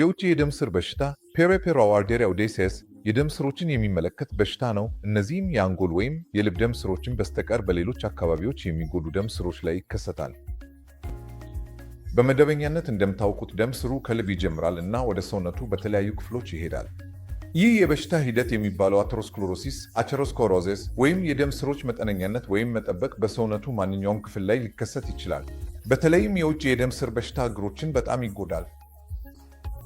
የውጭ የደም ስር በሽታ ፔሪፌራል የደም ስሮችን የሚመለከት በሽታ ነው። እነዚህም የአንጎል ወይም የልብ ደም ስሮችን በስተቀር በሌሎች አካባቢዎች የሚጎዱ ደም ስሮች ላይ ይከሰታል። በመደበኛነት እንደምታውቁት ደም ስሩ ከልብ ይጀምራል እና ወደ ሰውነቱ በተለያዩ ክፍሎች ይሄዳል። ይህ የበሽታ ሂደት የሚባለው አተሮስክሎሮሲስ አተሮስኮሮሲስ ወይም የደም ስሮች መጠነኛነት ወይም መጠበቅ በሰውነቱ ማንኛውም ክፍል ላይ ሊከሰት ይችላል። በተለይም የውጭ የደም ስር በሽታ እግሮችን በጣም ይጎዳል።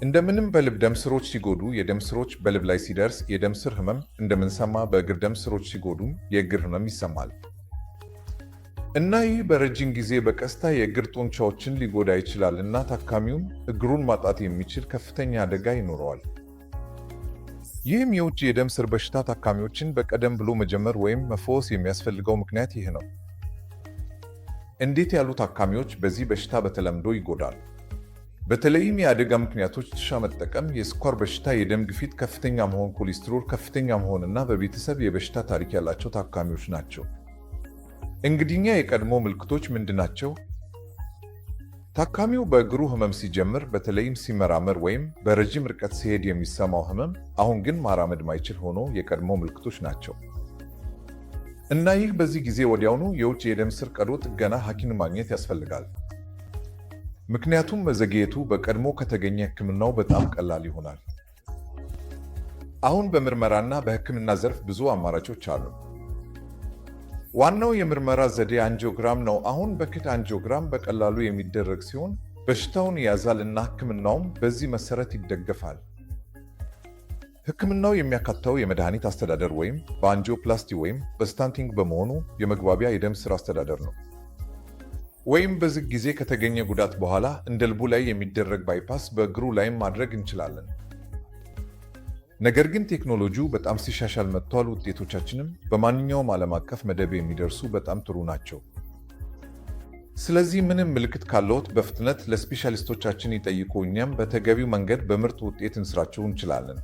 እንደምንም በልብ ደም ስሮች ሲጎዱ የደም ስሮች በልብ ላይ ሲደርስ የደም ስር ህመም እንደምንሰማ በእግር ደም ስሮች ሲጎዱም የእግር ህመም ይሰማል እና ይህ በረጅም ጊዜ በቀስታ የእግር ጡንቻዎችን ሊጎዳ ይችላል እና ታካሚውም እግሩን ማጣት የሚችል ከፍተኛ አደጋ ይኖረዋል። ይህም የውጭ የደም ስር በሽታ ታካሚዎችን በቀደም ብሎ መጀመር ወይም መፈወስ የሚያስፈልገው ምክንያት ይህ ነው። እንዴት ያሉ ታካሚዎች በዚህ በሽታ በተለምዶ ይጎዳል? በተለይም የአደጋ ምክንያቶች ትሻ መጠቀም፣ የስኳር በሽታ፣ የደም ግፊት ከፍተኛ መሆን፣ ኮሌስትሮል ከፍተኛ መሆንና በቤተሰብ የበሽታ ታሪክ ያላቸው ታካሚዎች ናቸው። እንግዲኛ የቀድሞ ምልክቶች ምንድናቸው? ታካሚው በእግሩ ህመም ሲጀምር፣ በተለይም ሲመራመር ወይም በረጅም ርቀት ሲሄድ የሚሰማው ህመም፣ አሁን ግን ማራመድ ማይችል ሆኖ የቀድሞ ምልክቶች ናቸው እና ይህ በዚህ ጊዜ ወዲያውኑ የውጭ የደም ስር ቀዶ ጥገና ሐኪም ማግኘት ያስፈልጋል። ምክንያቱም መዘግየቱ በቀድሞ ከተገኘ ህክምናው በጣም ቀላል ይሆናል። አሁን በምርመራና በህክምና ዘርፍ ብዙ አማራጮች አሉ። ዋናው የምርመራ ዘዴ አንጂዮግራም ነው። አሁን በክት አንጂዮግራም በቀላሉ የሚደረግ ሲሆን በሽታውን ይያዛል እና ህክምናውም በዚህ መሰረት ይደገፋል። ህክምናው የሚያካትተው የመድኃኒት አስተዳደር ወይም በአንጂዮፕላስቲ ወይም በስታንቲንግ በመሆኑ የመግባቢያ የደም ስር አስተዳደር ነው። ወይም በዝግ ጊዜ ከተገኘ ጉዳት በኋላ እንደ ልቡ ላይ የሚደረግ ባይፓስ በእግሩ ላይም ማድረግ እንችላለን። ነገር ግን ቴክኖሎጂው በጣም ሲሻሻል መጥቷል። ውጤቶቻችንም በማንኛውም ዓለም አቀፍ መደብ የሚደርሱ በጣም ጥሩ ናቸው። ስለዚህ ምንም ምልክት ካለዎት በፍጥነት ለስፔሻሊስቶቻችን ይጠይቁ። እኛም በተገቢው መንገድ በምርጥ ውጤት እንስራቸው እንችላለን።